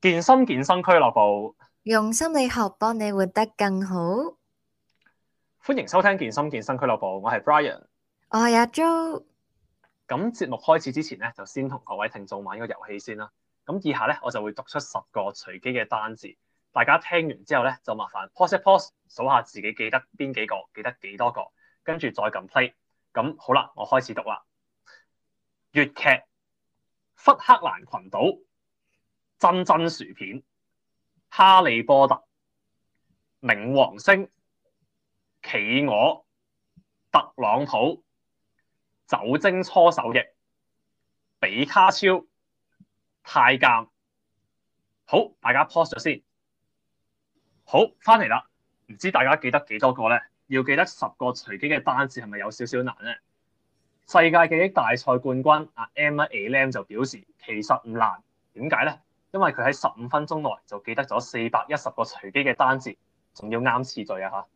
健身健身俱樂部，用心理學幫你活得更好。歡迎收聽健身健身俱樂部，我係 Brian，我係阿、啊、Jo。咁節目開始之前咧，就先同各位聽眾玩一個遊戲先啦。咁以下咧，我就會讀出十個隨機嘅單字。大家聽完之後咧，就麻煩 pause pause 數下自己記得邊幾個，記得幾多個，跟住再撳 play。咁好啦，我開始讀啦。粵劇，福克蘭群島。珍珍薯片、哈利波特、冥王星、企鵝、特朗普、酒精搓手液、比卡超、太監。好，大家 pause 咗先。好，翻嚟啦，唔知大家記得幾多個咧？要記得十個隨機嘅單字係咪有少少難咧？世界記憶大賽冠軍阿 Emma Alam 就表示，其實唔難，點解咧？因為佢喺十五分鐘內就記得咗四百一十個隨機嘅單字，仲要啱次序啊！嚇，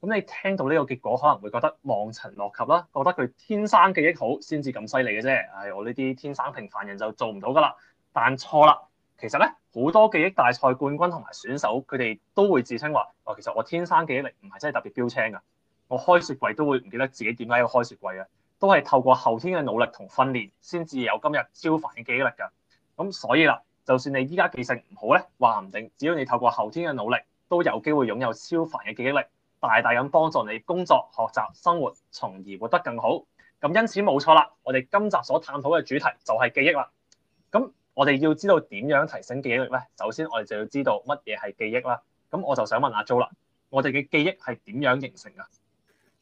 咁你聽到呢個結果，可能會覺得望塵莫及啦，覺得佢天生記憶好先至咁犀利嘅啫。唉、哎，我呢啲天生平凡人就做唔到噶啦。但錯啦，其實咧，好多記憶大賽冠軍同埋選手，佢哋都會自稱話：哦,其實我天生記憶力唔係真係特別標青㗎。我開雪櫃都會唔記得自己點解要開雪櫃啊，都係透過後天嘅努力同訓練先至有今日超凡嘅記憶力㗎。咁所以啦。就算你依家記性唔好咧，話唔定只要你透過後天嘅努力，都有機會擁有超凡嘅記憶力，大大咁幫助你工作、學習、生活，從而活得更好。咁因此冇錯啦，我哋今集所探討嘅主題就係記憶啦。咁我哋要知道點樣提升記憶力咧，首先我哋就要知道乜嘢係記憶啦。咁我就想問阿 Jo 啦，我哋嘅記憶係點樣形成㗎？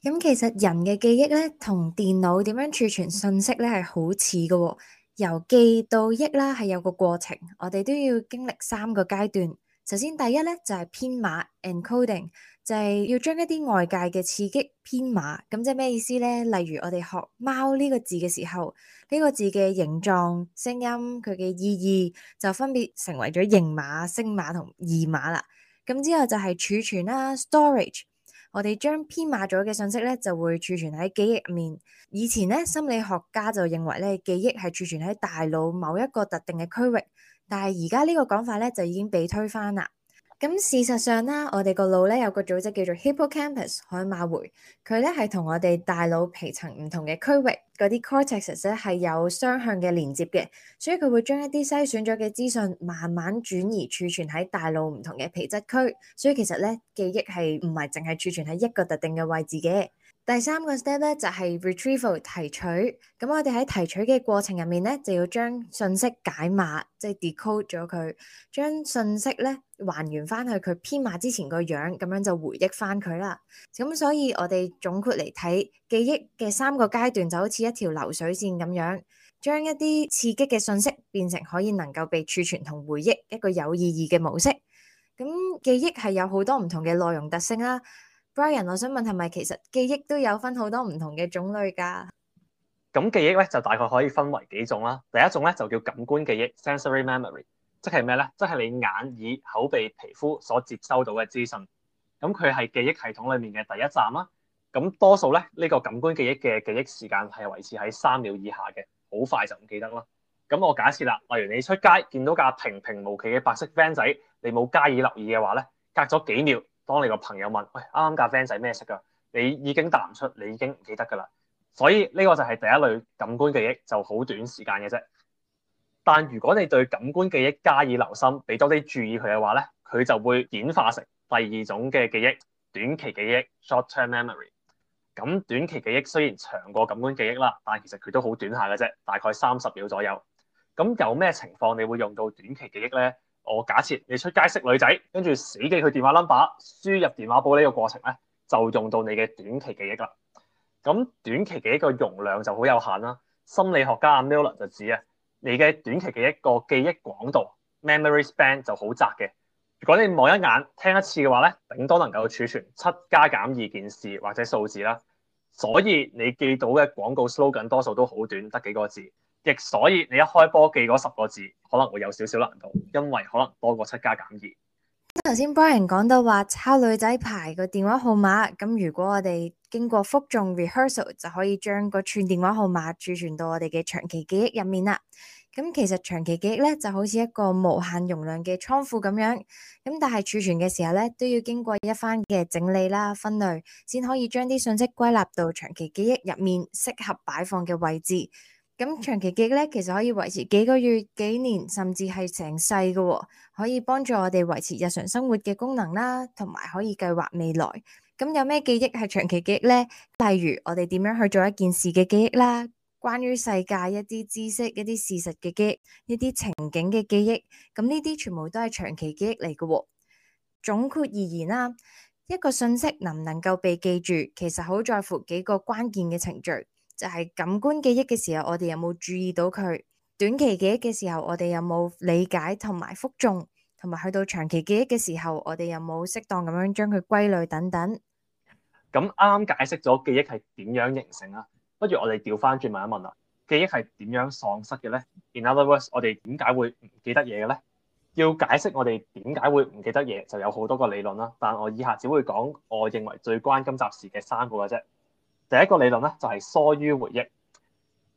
咁其實人嘅記憶咧，同電腦點樣儲存信息咧，係好似㗎喎。由記到憶啦，係有個過程，我哋都要經歷三個階段。首先第一咧就係、是、編碼 （encoding），就係要將一啲外界嘅刺激編碼。咁即係咩意思咧？例如我哋學貓呢個字嘅時候，呢、這個字嘅形狀、聲音、佢嘅意義，就分別成為咗形碼、聲碼同義碼啦。咁之後就係儲存啦 （storage）。我哋將編碼咗嘅信息，呢，就會儲存喺記憶裡面。以前呢，心理學家就認為呢，記憶係儲存喺大腦某一個特定嘅區域，但係而家呢個講法呢，就已經被推翻啦。咁事實上啦，我哋個腦呢，有個組織叫做 hippocampus 海馬迴，佢呢，係同我哋大腦皮層唔同嘅區域嗰啲 cortex 呢，係有雙向嘅連接嘅，所以佢會將一啲篩選咗嘅資訊慢慢轉移儲存喺大腦唔同嘅皮質區，所以其實呢，記憶係唔係淨係儲存喺一個特定嘅位置嘅。第三個 step 咧就係 retrieval 提取，咁我哋喺提取嘅過程入面咧就要將信息解碼，即係 decode 咗佢，將信息咧還原翻去佢編碼之前個樣，咁樣就回憶翻佢啦。咁所以我哋總括嚟睇記憶嘅三個階段，就好似一條流水線咁樣，將一啲刺激嘅信息變成可以能夠被儲存同回憶一個有意義嘅模式。咁記憶係有好多唔同嘅內容特性啦。Brian，我想問係咪其實記憶都有分好多唔同嘅種類㗎？咁記憶咧就大概可以分為幾種啦。第一種咧就叫感官記憶 （sensory memory），即係咩咧？即係你眼、耳、口、鼻、皮膚所接收到嘅資訊。咁佢係記憶系統裡面嘅第一站啦。咁多數咧呢，呢個感官記憶嘅記憶時間係維持喺三秒以下嘅，好快就唔記得啦。咁我假設啦，例如你出街見到架平平無奇嘅白色 van 仔，你冇加以留意嘅話咧，隔咗幾秒。當你個朋友問，喂，啱啱架 friend 仔咩色㗎？你已經答唔出，你已經唔記得㗎啦。所以呢個就係第一類感官記憶，就好短時間嘅啫。但如果你對感官記憶加以留心，俾多啲注意佢嘅話咧，佢就會演化成第二種嘅記憶，短期記憶 （short-term memory）。咁短期記憶雖然長過感官記憶啦，但其實佢都好短下嘅啫，大概三十秒左右。咁有咩情況你會用到短期記憶咧？我假設你出街識女仔，跟住死記佢電話 number，輸入電話簿呢個過程咧，就用到你嘅短期記憶啦。咁短期記憶嘅容量就好有限啦。心理學家阿 Miller 就指啊，你嘅短期嘅一個記憶廣度 （memory span） 就好窄嘅。如果你望一眼、聽一次嘅話咧，頂多能夠儲存七加減二件事或者數字啦。所以你記到嘅廣告 slogan 多數都好短，得幾個字。亦所以，你一開波記嗰十個字可能會有少少難度，因為可能多過七加減二。頭先 Brian 講到話抄女仔牌個電話號碼，咁如果我哋經過複誦 rehearsal 就可以將嗰串電話號碼儲存到我哋嘅長期記憶入面啦。咁其實長期記憶咧就好似一個無限容量嘅倉庫咁樣，咁但係儲存嘅時候咧都要經過一番嘅整理啦、分類，先可以將啲信息歸納到長期記憶入面適合擺放嘅位置。咁長期記憶咧，其實可以維持幾個月、幾年，甚至係成世㗎喎，可以幫助我哋維持日常生活嘅功能啦，同埋可以計劃未來。咁有咩記憶係長期記憶咧？例如我哋點樣去做一件事嘅記憶啦，關於世界一啲知識、一啲事實嘅記憶、一啲情景嘅記憶。咁呢啲全部都係長期記憶嚟㗎喎。總括而言啦，一個信息能唔能夠被記住，其實好在乎幾個關鍵嘅程序。就係感官記憶嘅時候，我哋有冇注意到佢？短期記憶嘅時候，我哋有冇理解同埋複誦，同埋去到長期記憶嘅時候，我哋有冇適當咁樣將佢歸類等等？咁啱啱解釋咗記憶係點樣形成啦，不如我哋調返轉問一問啦，記憶係點樣喪失嘅咧？In other words，我哋點解會唔記得嘢嘅咧？要解釋我哋點解會唔記得嘢，就有好多個理論啦。但我以下只會講我認為最關今集事嘅三個嘅啫。第一個理論咧就係疏於回憶。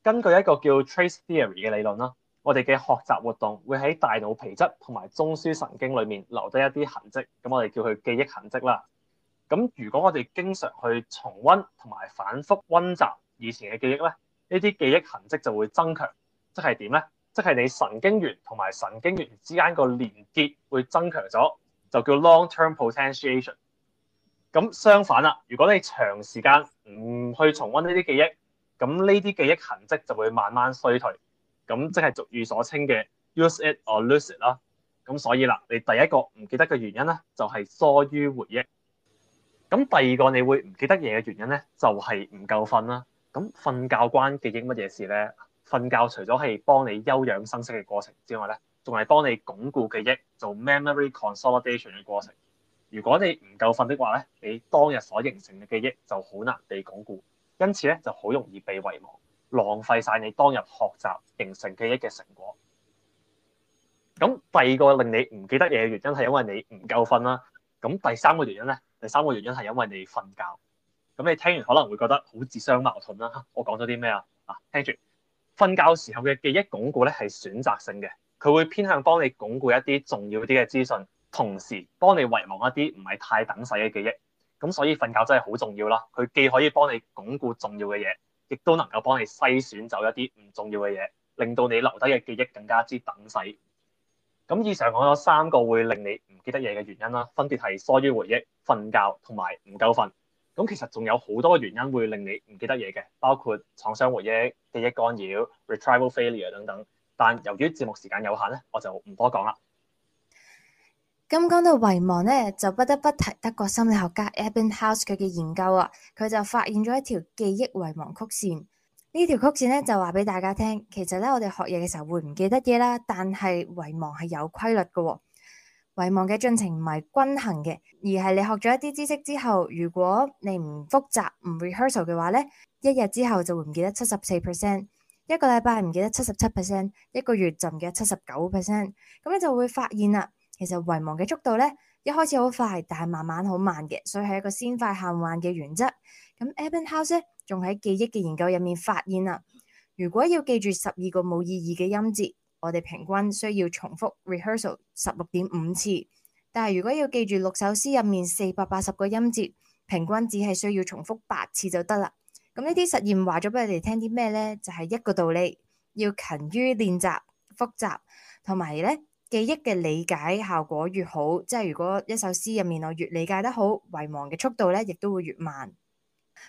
根據一個叫 Trace Theory 嘅理論啦，我哋嘅學習活動會喺大腦皮質同埋中樞神經裏面留低一啲痕跡，咁我哋叫佢記憶痕跡啦。咁如果我哋經常去重溫同埋反覆溫習以前嘅記憶咧，呢啲記憶痕跡就會增強。即係點咧？即係你神經元同埋神經元之間個連結會增強咗，就叫 Long-term Potentiation。咁相反啦，如果你長時間唔去重溫呢啲記憶，咁呢啲記憶痕跡就會慢慢衰退，咁即係俗語所稱嘅 use it or lose it 啦。咁所以啦，你第一個唔記得嘅原因咧，就係疏於回憶。咁第二個你會唔記得嘢嘅原因咧，就係唔夠瞓啦。咁瞓覺關記憶乜嘢事咧？瞓覺除咗係幫你休養生息嘅過程之外咧，仲係幫你鞏固記憶，做 memory consolidation 嘅過程。如果你唔夠瞓的話咧，你當日所形成嘅記憶就好難被鞏固，因此咧就好容易被遺忘，浪費晒你當日學習形成記憶嘅成果。咁第二個令你唔記得嘢嘅原因係因為你唔夠瞓啦。咁第三個原因咧，第三個原因係因為你瞓覺。咁你聽完可能會覺得好自相矛盾啦。我講咗啲咩啊？啊，聽住瞓覺時候嘅記憶鞏固咧係選擇性嘅，佢會偏向幫你鞏固一啲重要啲嘅資訊。同時幫你遺忘一啲唔係太等使嘅記憶，咁所以瞓覺真係好重要啦。佢既可以幫你鞏固重要嘅嘢，亦都能夠幫你篩選走一啲唔重要嘅嘢，令到你留低嘅記憶更加之等使。咁以上講咗三個會令你唔記得嘢嘅原因啦，分別係疏於回憶、瞓覺同埋唔夠瞓。咁其實仲有好多原因會令你唔記得嘢嘅，包括創傷回憶、記憶干擾、retrieval failure 等等。但由於節目時間有限咧，我就唔多講啦。咁講到遺忘呢，就不得不提德國心理學家 Ebbinghaus 佢嘅研究啊。佢就發現咗一條記憶遺忘曲線。呢條曲線呢，就話俾大家聽，其實呢，我哋學嘢嘅時候會唔記得嘢啦，但係遺忘係有規律嘅喎。遺忘嘅進程唔係均衡嘅，而係你學咗一啲知識之後，如果你唔復習唔 rehearsal 嘅話呢，一日之後就會唔記得七十四 percent，一個禮拜唔記得七十七 percent，一個月就唔記得七十九 percent。咁你就會發現啦。其實遺忘嘅速度咧，一開始好快，但係慢慢好慢嘅，所以係一個先快後慢嘅原則。咁 Ebbinghaus 咧，仲喺記憶嘅研究入面發現啦，如果要記住十二個冇意義嘅音節，我哋平均需要重複 rehearsal 十六點五次，但係如果要記住六首詩入面四百八十個音節，平均只係需要重複八次就得啦。咁呢啲實驗話咗俾你哋聽啲咩咧？就係一個道理，要勤於練習、複習，同埋咧。記憶嘅理解效果越好，即係如果一首詩入面我越理解得好，遺忘嘅速度咧亦都會越慢。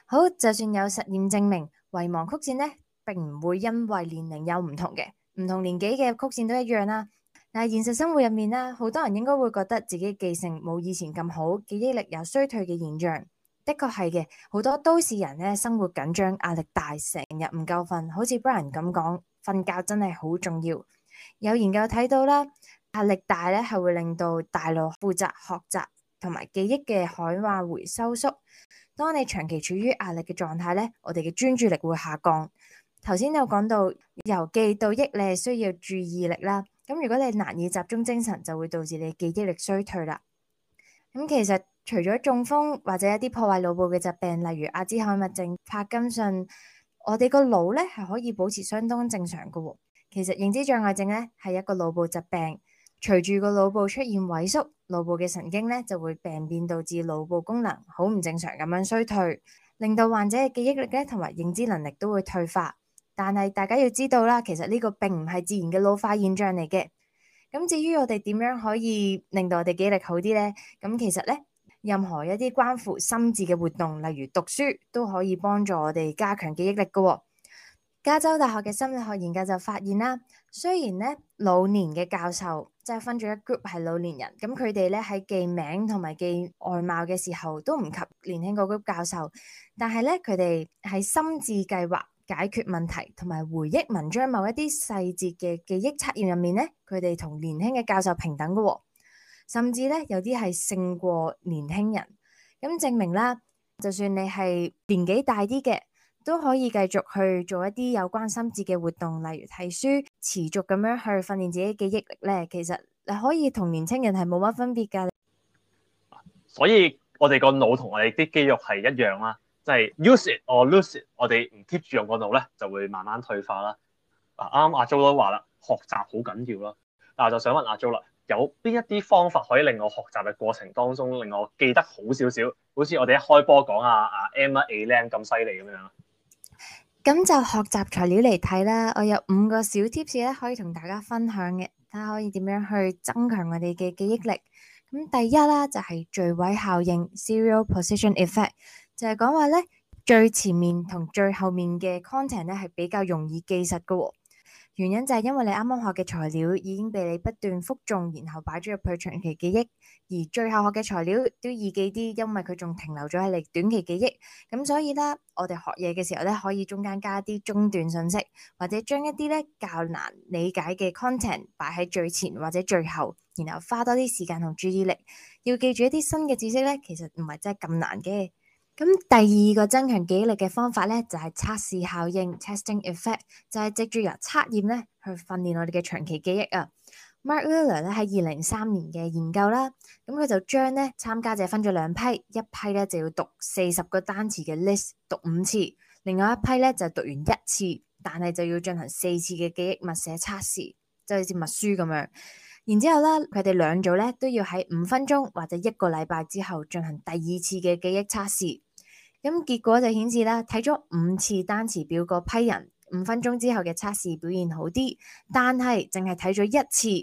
好，就算有實驗證明遺忘曲線咧，並唔會因為年齡有唔同嘅，唔同年紀嘅曲線都一樣啦。但係現實生活入面咧，好多人應該會覺得自己記性冇以前咁好，記憶力有衰退嘅現象，的確係嘅。好多都市人咧，生活緊張，壓力大，成日唔夠瞓，好似 Brian 咁講，瞓覺真係好重要。有研究睇到啦。壓力大咧，係會令到大腦負責學習同埋記憶嘅海馬回收縮。當你長期處於壓力嘅狀態咧，我哋嘅專注力會下降。頭先有講到由記到憶，你係需要注意力啦。咁如果你難以集中精神，就會導致你記憶力衰退啦。咁其實除咗中風或者一啲破壞腦部嘅疾病，例如阿茲海默症、帕金遜，我哋個腦咧係可以保持相當正常㗎喎。其實認知障礙症咧係一個腦部疾病。隨住個腦部出現萎縮，腦部嘅神經咧就會病變，導致腦部功能好唔正常咁樣衰退，令到患者嘅記憶力咧同埋認知能力都會退化。但係大家要知道啦，其實呢個並唔係自然嘅老化現象嚟嘅。咁至於我哋點樣可以令到我哋記憶力好啲咧？咁其實咧，任何一啲關乎心智嘅活動，例如讀書，都可以幫助我哋加強記憶力㗎喎。加州大學嘅心理學研究就發現啦，雖然咧，老年嘅教授即係分咗一 group 係老年人，咁佢哋咧喺記名同埋記外貌嘅時候都唔及年輕嗰 group 教授，但係咧佢哋喺心智計劃解決問題同埋回憶文章某一啲細節嘅記憶測驗入面咧，佢哋同年輕嘅教授平等嘅，哦，甚至咧有啲係勝過年輕人。咁證明啦，就算你係年紀大啲嘅，都可以繼續去做一啲有關心智嘅活動，例如睇書。持續咁樣去訓練自己嘅記憶力咧，其實你可以同年青人係冇乜分別㗎。所以我哋個腦同我哋啲肌肉係一樣啦，即、就、係、是、use it or lose it。我哋唔 keep 住用個腦咧，就會慢慢退化啦。啱阿 Jo 都話啦，學習好緊要咯。嗱、啊，就想問阿、啊、Jo 啦，有邊一啲方法可以令我學習嘅過程當中，令我記得好少少，好似我哋一開波講啊，阿、啊、Emma A.、Alan 咁犀利咁樣。咁就學習材料嚟睇啦，我有五個小貼士可以同大家分享嘅，睇下可以點樣去增強我哋嘅記憶力。咁第一啦，就係、是、序位效應 （serial position effect），就係講話呢，最前面同最後面嘅 content 咧係比較容易記實嘅喎、哦。原因就係因為你啱啱學嘅材料已經被你不斷複誦，然後擺咗入去長期記憶，而最後學嘅材料都易記啲，因為佢仲停留咗喺你短期記憶。咁所以咧，我哋學嘢嘅時候咧，可以中間加啲中斷信息，或者將一啲咧較難理解嘅 content 擺喺最前或者最後，然後花多啲時間同注意力，要記住一啲新嘅知識咧，其實唔係真係咁難嘅。咁第二個增強記憶力嘅方法咧，就係測試效應 (testing effect)，就係藉住由測驗咧去訓練我哋嘅長期記憶啊。Mark Wheeler 咧喺二零三年嘅研究啦，咁佢就將咧參加者分咗兩批，一批咧就要讀四十個單詞嘅 list 讀五次，另外一批咧就係讀完一次，但係就要進行四次嘅記憶默寫測試，就好似默書咁樣。然之後咧，佢哋兩組咧都要喺五分鐘或者一個禮拜之後進行第二次嘅記憶測試。咁、嗯、結果就顯示啦，睇咗五次單詞表嗰批人，五分鐘之後嘅測試表現好啲；但係淨係睇咗一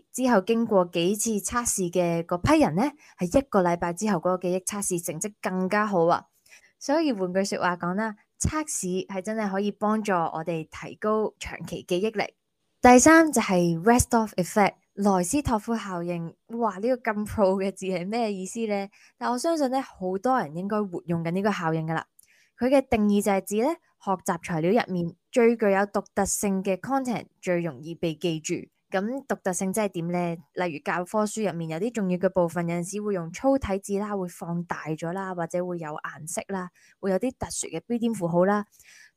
次之後，經過幾次測試嘅嗰批人呢，係一個禮拜之後嗰個記憶測試成績更加好啊！所以換句説話講啦，測試係真係可以幫助我哋提高長期記憶力。第三就係 Restorff effect，萊斯托夫效應。哇，呢個咁 pro 嘅字係咩意思咧？但我相信咧，好多人應該活用緊呢個效應噶啦。佢嘅定義就係指咧，學習材料入面最具有獨特性嘅 content 最容易被記住。咁獨特性即係點咧？例如教科書入面有啲重要嘅部分，有陣時會用粗體字啦，會放大咗啦，或者會有顏色啦，會有啲特殊嘅標點符號啦，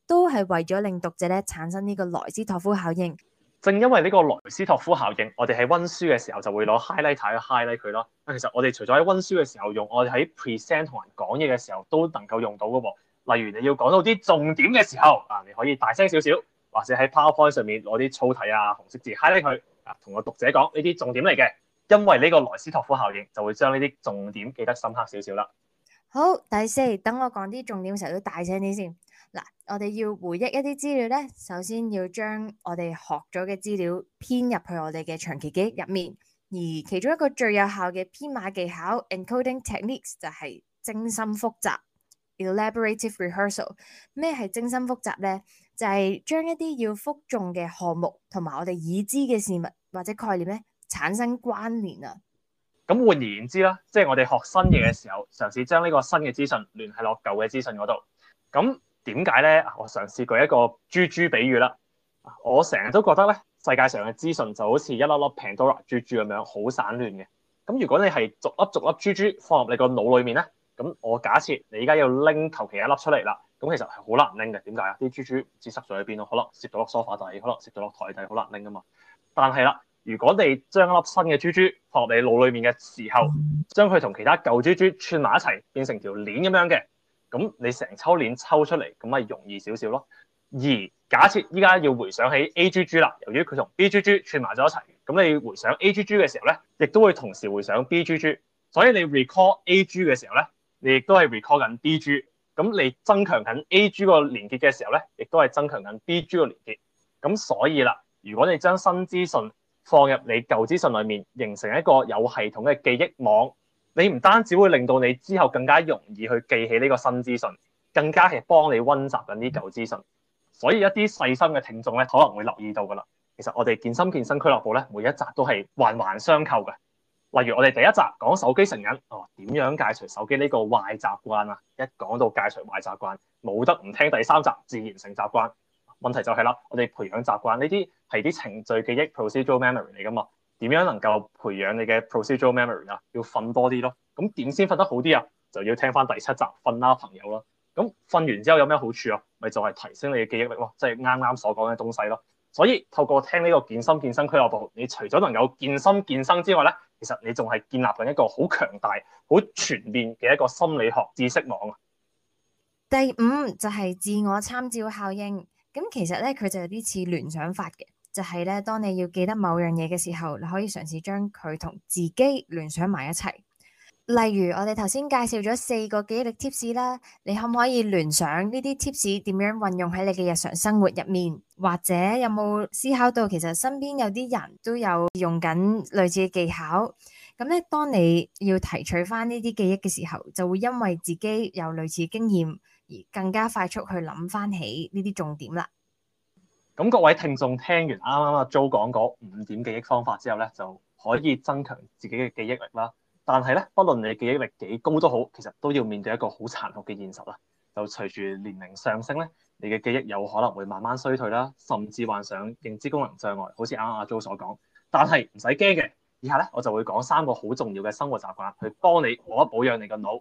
都係為咗令讀者咧產生呢個萊斯托夫效應。正因為呢個萊斯托夫效應，我哋喺溫書嘅時候就會攞 highlighter 去 highlight 佢咯。其實我哋除咗喺溫書嘅時候用，我哋喺 present 同人講嘢嘅時候都能夠用到噶喎。例如你要講到啲重點嘅時候，啊，你可以大聲少少，或者喺 PowerPoint 上面攞啲粗體啊紅色字 highlight 佢，啊，同個讀者講呢啲重點嚟嘅。因為呢個萊斯托夫效應就會將呢啲重點記得深刻少少啦。好，第四，等我講啲重點嘅時候要大聲啲先。嗱，我哋要回憶一啲資料咧，首先要將我哋學咗嘅資料編入去我哋嘅長期記憶入面。而其中一個最有效嘅編碼技巧 i n c l u d i n g techniques） 就係精心複習 （elaborative rehearsal）。咩係精心複習咧？就係、是、將一啲要複重嘅項目同埋我哋已知嘅事物或者概念咧產生關聯啊。咁換言之啦，即、就、係、是、我哋學新嘢嘅時候，嘗試將呢個新嘅資訊聯繫落舊嘅資訊嗰度咁。點解咧？我嘗試舉一個豬豬比喻啦。我成日都覺得咧，世界上嘅資訊就好似一粒粒 Pandora 豬豬咁樣，好散亂嘅。咁如果你係逐粒逐粒豬豬放入你個腦裡面咧，咁我假設你而家要拎求其一粒出嚟啦，咁其實係好難拎嘅。點解啊？啲豬豬唔知塞咗喺邊咯？好啦，攝到粒梳化底，好啦，攝到落台底，好難拎噶嘛。但係啦，如果你將一粒新嘅豬豬放入你腦裡面嘅時候，將佢同其他舊豬豬串埋一齊，變成條鏈咁樣嘅。咁你成抽鏈抽出嚟，咁咪容易少少咯。而假設依家要回想起 A.G.G 啦，由於佢同 B.G.G 串埋咗一齊，咁你回想 A.G.G 嘅時候咧，亦都會同時回想 B.G.G。所以你 recall A.G. 嘅時候咧，你亦都係 recall 緊 B.G.。咁你增強緊 A.G. 個連結嘅時候咧，亦都係增強緊 B.G. 個連結。咁所以啦，如果你將新資訊放入你舊資訊裏面，形成一個有系統嘅記憶網。你唔單止會令到你之後更加容易去記起呢個新資訊，更加係幫你溫習緊啲舊資訊。所以一啲細心嘅聽眾咧，可能會留意到噶啦。其實我哋健心健身俱樂部咧，每一集都係環環相扣嘅。例如我哋第一集講手機成癮，哦點樣戒除手機呢個壞習慣啊？一講到戒除壞習慣，冇得唔聽第三集自然成習慣。問題就係、是、啦，我哋培養習慣呢啲係啲程序記憶 （procedural memory） 嚟噶嘛？點樣能夠培養你嘅 procedural memory 啊？要瞓多啲咯，咁點先瞓得好啲啊？就要聽翻第七集《瞓啦朋友》咯。咁瞓完之後有咩好處啊？咪就係提升你嘅記憶力咯，即係啱啱所講嘅東西咯。所以透過聽呢個健身健身俱樂部，你除咗能夠健身健身之外咧，其實你仲係建立緊一個好強大、好全面嘅一個心理學知識網啊。第五就係自我參照效應，咁其實咧佢就有啲似聯想法嘅。就係咧，當你要記得某樣嘢嘅時候，你可以嘗試將佢同自己聯想埋一齊。例如，我哋頭先介紹咗四個記憶力 tips 啦，你可唔可以聯想呢啲 tips 點樣運用喺你嘅日常生活入面？或者有冇思考到其實身邊有啲人都有用緊類似嘅技巧？咁咧，當你要提取翻呢啲記憶嘅時候，就會因為自己有類似經驗而更加快速去諗翻起呢啲重點啦。咁各位聽眾聽完啱啱阿 Jo 講嗰五點記憶方法之後咧，就可以增強自己嘅記憶力啦。但係咧，不論你記憶力幾高都好，其實都要面對一個好殘酷嘅現實啦。就隨住年齡上升咧，你嘅記憶有可能會慢慢衰退啦，甚至患上認知功能障礙，好似啱啱阿 Jo 所講。但係唔使驚嘅，以下咧我就會講三個好重要嘅生活習慣去幫你保一保養你嘅腦。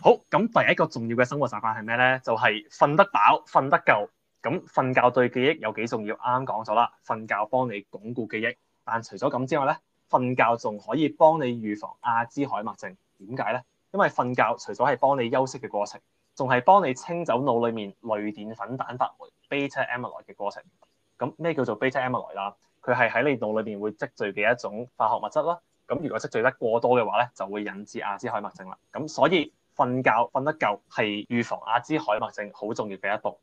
好，咁第一個重要嘅生活習慣係咩咧？就係瞓得飽、瞓得夠。咁瞓、嗯、覺對記憶有幾重要？啱啱講咗啦，瞓覺幫你鞏固記憶，但除咗咁之外咧，瞓覺仲可以幫你預防阿茲海默症。點解咧？因為瞓覺除咗係幫你休息嘅過程，仲係幫你清走腦裏面類澱粉蛋白酶 beta amyloid 嘅過程。咁、嗯、咩叫做 beta amyloid 啊？佢係喺你腦裏邊會積聚嘅一種化學物質啦。咁、嗯、如果積聚得過多嘅話咧，就會引致阿茲海默症啦。咁、嗯、所以瞓覺瞓得夠係預防阿茲海默症好重要嘅一步。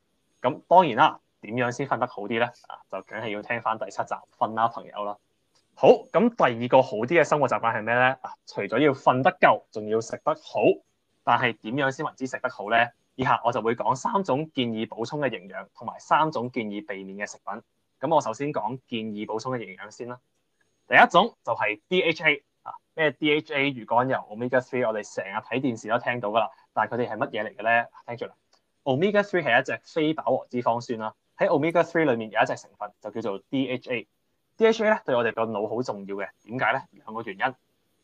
咁當然啦，點樣先瞓得好啲咧？啊，就梗係要聽翻第七集瞓啦，朋友啦。好，咁第二個好啲嘅生活習慣係咩咧？啊，除咗要瞓得夠，仲要食得好。但係點樣先為之食得好咧？以下我就會講三種建議補充嘅營養，同埋三種建議避免嘅食品。咁我首先講建議補充嘅營養先啦。第一種就係 DHA 啊，咩 DHA 魚肝油？Omega three，我哋成日睇電視都聽到噶啦。但係佢哋係乜嘢嚟嘅咧？聽住啦。Omega three 係一隻非飽和脂肪酸啦。喺 Omega three 裏面有一隻成分就叫做 DHA。DHA 咧對我哋個腦好重要嘅。點解咧？兩個原因。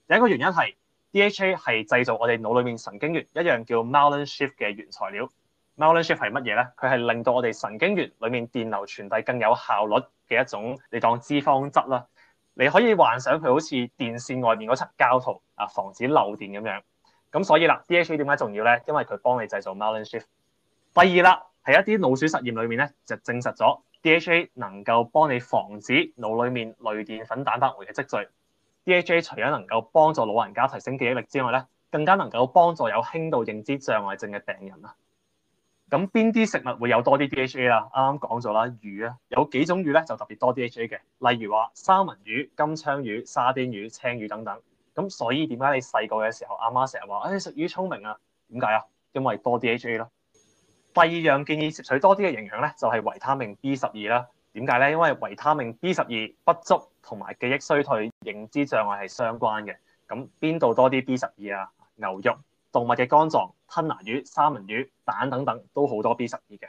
第一個原因係 DHA 係製造我哋腦裏面神經元一樣叫 myelin sheath 嘅原材料。myelin sheath 係乜嘢咧？佢係令到我哋神經元裏面電流傳遞更有效率嘅一種你當脂肪質啦。你可以幻想佢好似電線外面嗰層膠套啊，防止漏電咁樣。咁所以啦，DHA 點解重要咧？因為佢幫你製造 myelin sheath。第二啦，喺一啲老鼠實驗裏面咧，就證實咗 DHA 能夠幫你防止腦裏面類澱粉蛋白酶嘅積聚。DHA 除咗能夠幫助老人家提升記憶力之外咧，更加能夠幫助有輕度認知障礙症嘅病人啦。咁邊啲食物會有多啲 DHA 啦？啱啱講咗啦，魚啊，有幾種魚咧就特別多 DHA 嘅，例如話三文魚、金槍魚、沙甸魚、青魚等等。咁所以點解你細個嘅時候阿媽成日話：誒、哎、食魚聰明啊？點解啊？因為多 DHA 咯。第二樣建議攝取多啲嘅營養咧，就係、是、維他命 B 十二啦。點解咧？因為維他命 B 十二不足同埋記憶衰退、認知障礙係相關嘅。咁邊度多啲 B 十二啊？牛肉、動物嘅肝臟、吞拿魚、三文魚、蛋等等都好多 B 十二嘅。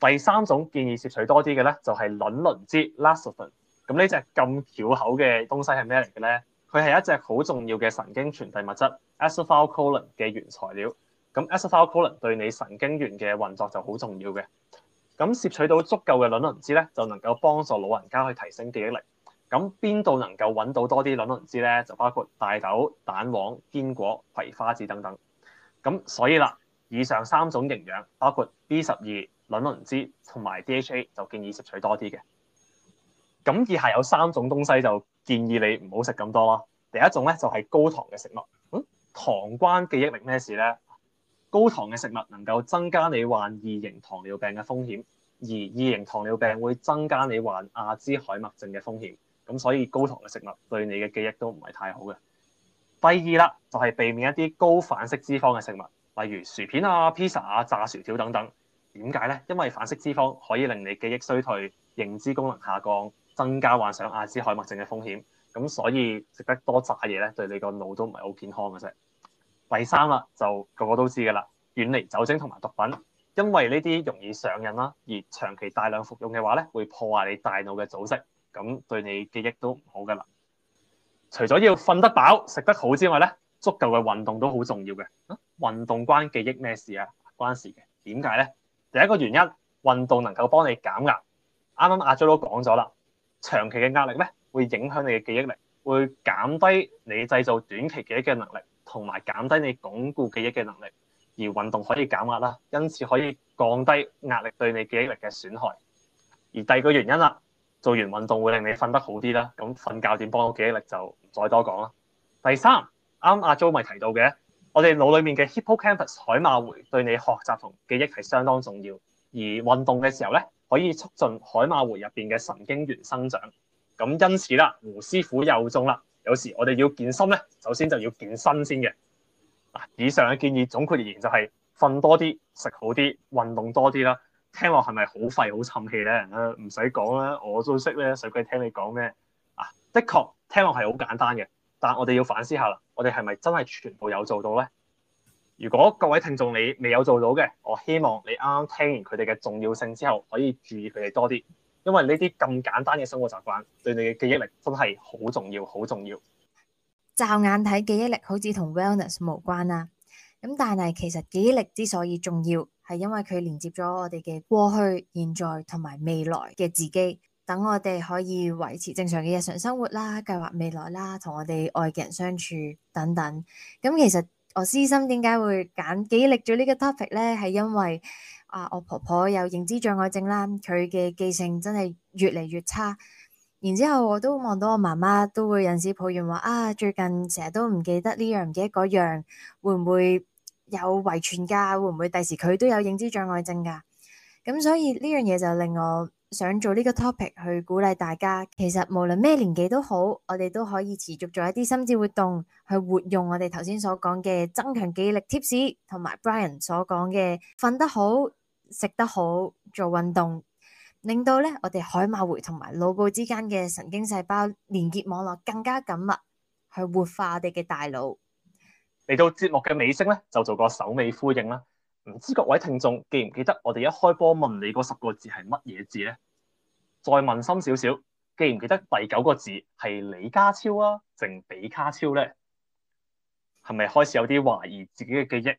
第三種建議攝取多啲嘅咧，就係卵磷脂 lecithin。咁呢隻咁巧口嘅東西係咩嚟嘅咧？佢係一隻好重要嘅神經傳遞物質 acetylcholine 嘅原材料。咁 S 可能對你神經元嘅運作就好重要嘅。咁攝取到足夠嘅卵磷脂咧，就能夠幫助老人家去提升記憶力。咁邊度能夠揾到多啲卵磷脂咧？就包括大豆、蛋黃、堅果、葵花籽等等。咁所以啦，以上三種營養，包括 B 十二、卵磷脂同埋 DHA，就建議攝取多啲嘅。咁以下有三種東西就建議你唔好食咁多咯。第一種咧就係高糖嘅食物。嗯，糖關記憶力咩事咧？高糖嘅食物能夠增加你患二型糖尿病嘅風險，而二型糖尿病會增加你患阿茲海默症嘅風險。咁所以高糖嘅食物對你嘅記憶都唔係太好嘅。第二啦，就係、是、避免一啲高反式脂肪嘅食物，例如薯片啊、披 i 啊、炸薯條等等。點解咧？因為反式脂肪可以令你記憶衰退、認知功能下降、增加患上阿茲海默症嘅風險。咁所以食得多炸嘢咧，對你個腦都唔係好健康嘅啫。第三啦，就個個都知嘅啦，遠離酒精同埋毒品，因為呢啲容易上癮啦，而長期大量服用嘅話咧，會破壞你大腦嘅組織，咁對你記憶都唔好嘅啦。除咗要瞓得飽、食得好之外咧，足夠嘅運動都好重要嘅。啊。運動關記憶咩事啊？關事嘅。點解咧？第一個原因，運動能夠幫你減壓。啱啱阿 Jo 都講咗啦，長期嘅壓力咧會影響你嘅記憶力，會減低你製造短期記憶嘅能力。同埋減低你鞏固記憶嘅能力，而運動可以減壓啦，因此可以降低壓力對你記憶力嘅損害。而第二個原因啦，做完運動會令你瞓得好啲啦，咁瞓覺點幫到記憶力就唔再多講啦。第三，啱阿 Jo 咪提到嘅，我哋腦裏面嘅 hippocampus 海馬迴對你學習同記憶係相當重要，而運動嘅時候咧可以促進海馬迴入邊嘅神經元生長，咁因此啦，胡師傅又中啦。有時我哋要健身咧，首先就要健身先嘅。啊，以上嘅建議總括而言就係瞓多啲、食好啲、運動多啲啦。聽落係咪好廢、好沉氣咧？唔使講啦，我都識咧，使鬼聽你講咩？啊，的確聽落係好簡單嘅，但我哋要反思下啦，我哋係咪真係全部有做到咧？如果各位聽眾你未有做到嘅，我希望你啱啱聽完佢哋嘅重要性之後，可以注意佢哋多啲。因為呢啲咁簡單嘅生活習慣，對你嘅記憶力都係好重要，好重要。驟眼睇，記憶力好似同 wellness 無關啊，咁但係其實記憶力之所以重要，係因為佢連接咗我哋嘅過去、現在同埋未來嘅自己，等我哋可以維持正常嘅日常生活啦、計劃未來啦、同我哋愛嘅人相處等等。咁其實我私心點解會揀記憶力做呢個 topic 咧，係因為。啊！我婆婆有認知障礙症啦，佢嘅記性真係越嚟越差。然之後我都望到我媽媽都會有陣時抱怨話：啊，最近成日都唔記得呢樣，唔記得嗰樣，會唔會有遺傳噶會唔會第時佢都有認知障礙症噶咁所以呢樣嘢就令我想做呢個 topic 去鼓勵大家。其實無論咩年紀都好，我哋都可以持續做一啲心智活動去活用我哋頭先所講嘅增強記憶力 tips，同埋 Brian 所講嘅瞓得好，食得好，做運動，令到咧我哋海馬回同埋腦部之間嘅神經細胞連結網絡更加緊密，去活化我哋嘅大腦。嚟到節目嘅尾聲咧，就做個首尾呼應啦。唔知各位聽眾記唔記得我哋一開波問你嗰十個字係乜嘢字咧？再問深少少，記唔記得第九個字係李家超啊，定比卡超咧？係咪開始有啲懷疑自己嘅記憶？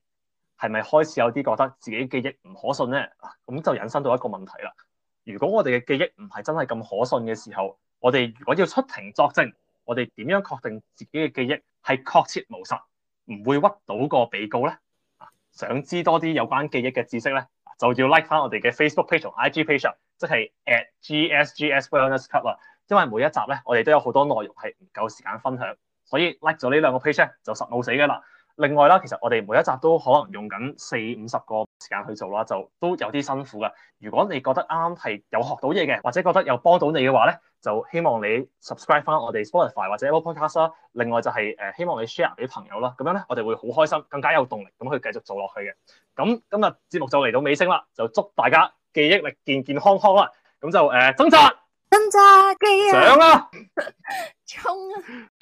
係咪開始有啲覺得自己記憶唔可信咧？咁就引申到一個問題啦。如果我哋嘅記憶唔係真係咁可信嘅時候，我哋如果要出庭作證，我哋點樣確定自己嘅記憶係確切無實，唔會屈到個被告咧？啊，想知多啲有關記憶嘅知識咧，就要 like 翻我哋嘅 Facebook page 同 IG page，即係 at GSGS Wellness Club 啦。因為每一集咧，我哋都有好多內容係唔夠時間分享，所以 like 咗呢兩個 page 咧就實冇死嘅啦。另外啦，其實我哋每一集都可能用緊四五十個時間去做啦，就都有啲辛苦嘅。如果你覺得啱係有學到嘢嘅，或者覺得有幫到你嘅話咧，就希望你 subscribe 翻我哋 Spotify 或者 Apple Podcast 啦。另外就係、是、誒、呃，希望你 share 俾朋友啦。咁樣咧，我哋會好開心，更加有動力咁去繼續做落去嘅。咁今日節目就嚟到尾聲啦，就祝大家記憶力健健康康啦。咁就誒、呃，掙扎，掙扎記啊，上啊，衝啊！